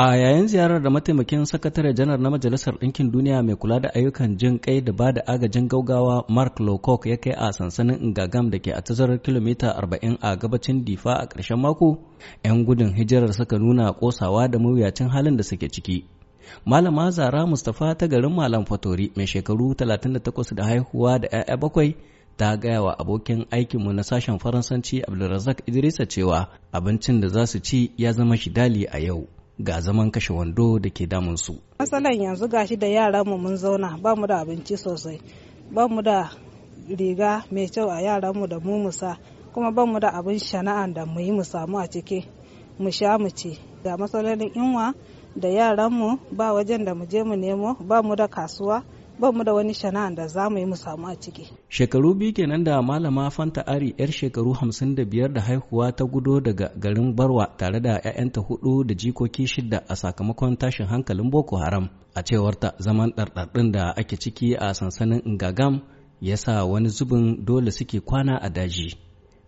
A yayin ziyarar da mataimakin sakatare janar na Majalisar Ɗinkin Duniya mai kula da ayyukan jin kai da ba da agajin gaugawa Mark Lowcock ya kai a sansanin Ngagam da ke a tazarar kilomita 40 a gabacin Difa a ƙarshen mako, 'yan gudun hijirar suka nuna kosawa da mawuyacin halin da suke ciki. Malama Zara Mustapha ta garin Malam Fatori mai shekaru 38 da haihuwa da 'ya'ya bakwai ta gaya wa abokin aikinmu na sashen Faransanci Abdulrazak Idrisa cewa abincin da za su ci ya zama shidali a yau. ga zaman kashe wando da ke damun su. Matsalan yanzu gashi da yara mu mun zauna ba mu da abinci sosai, ba mu da riga mai kyau a yaran mu da mu musa, kuma ba mu da abin shana'a da mu yi mu samu a ciki, mu sha mu ci. Ga matsalolin inwa da yaran mu ba wajen da mu je mu nemo, ba mu da kasuwa. ba mu da wani shana'an da za mu yi mu samu a ciki. Shekaru biyu kenan da malama Fanta Ari yar shekaru hamsin da biyar da haihuwa ta gudo daga garin Barwa tare da 'ya'yanta hudu da jikoki shida a sakamakon tashin hankalin Boko Haram. A cewar ta, zaman ɗarɗarɗin da ake ciki a sansanin Ngagam ya sa wani zubin dole suke kwana a daji.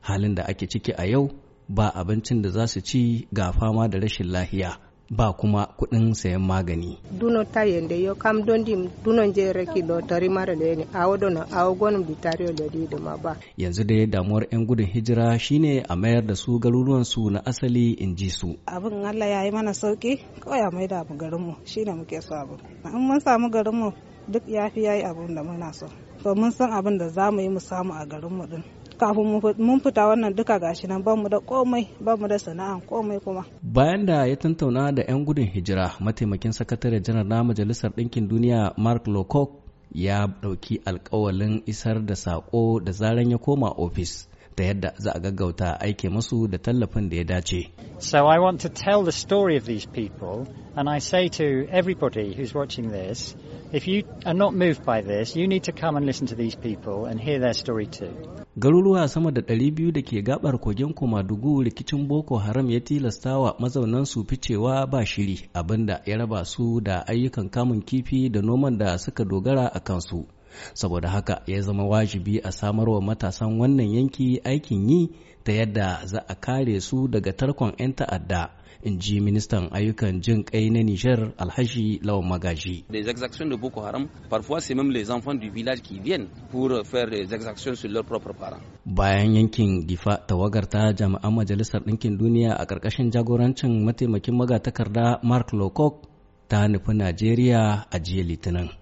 Halin da ake ciki a yau ba abincin da za su ci ga fama da rashin lahiya. ba kuma kuɗin sayan magani. Duno ta yende yo kam dondi dunon je raki do tari mara da yani awo dono awo gonum di tari da di da ma ba. Yanzu dai damuwar 'yan gudun hijira shine a mayar da su garuruwan su na asali in ji su. Abin Allah ya yi mana sauki kawai a da mu garin mu shine muke so abu. In mun samu garin mu duk yafi yayi abin da muna so. To mun san abin da za mu yi mu samu a garinmu mu din. kafin mun fita wannan duka gashi nan ba mu da komai ba mu da sana'a komai kuma. Bayan da ya tantauna da 'yan gudun hijira mataimakin sakatare janar na majalisar ɗinkin duniya Mark Lowcock ya ɗauki alkawalin isar da saƙo da zaran ya koma ofis. ta yadda za a gaggauta aike musu da tallafin da ya dace. So I want to tell the story of these people and I say to everybody who's watching this If you are not moved by this, you need to come and listen to these people and hear their story too. Garuruwa sama da ɗari biyu da ke gabar kogin Komadugu rikicin Boko Haram ya tilastawa mazaunan su ficewa ba shiri abinda ya raba su da ayyukan kamun kifi da noman da suka dogara a kansu. saboda haka ya zama wajibi a samarwa matasan wannan yanki aikin yi ta yadda za a kare su daga tarkon 'yan ta'adda in ji ministan ayyukan jin kai na Nijar Alhashi Lawan Magaji. des exactions de Boko Haram, parfois c'est même les enfants du village qui viennent pour faire des exactions sur leurs propres parents. Bayan yankin Gifa tawagar ta jami'an Majalisar Ɗinkin Duniya a ƙarƙashin jagorancin mataimakin magatakarda Mark lokok ta nufi Najeriya a jiya Litinin.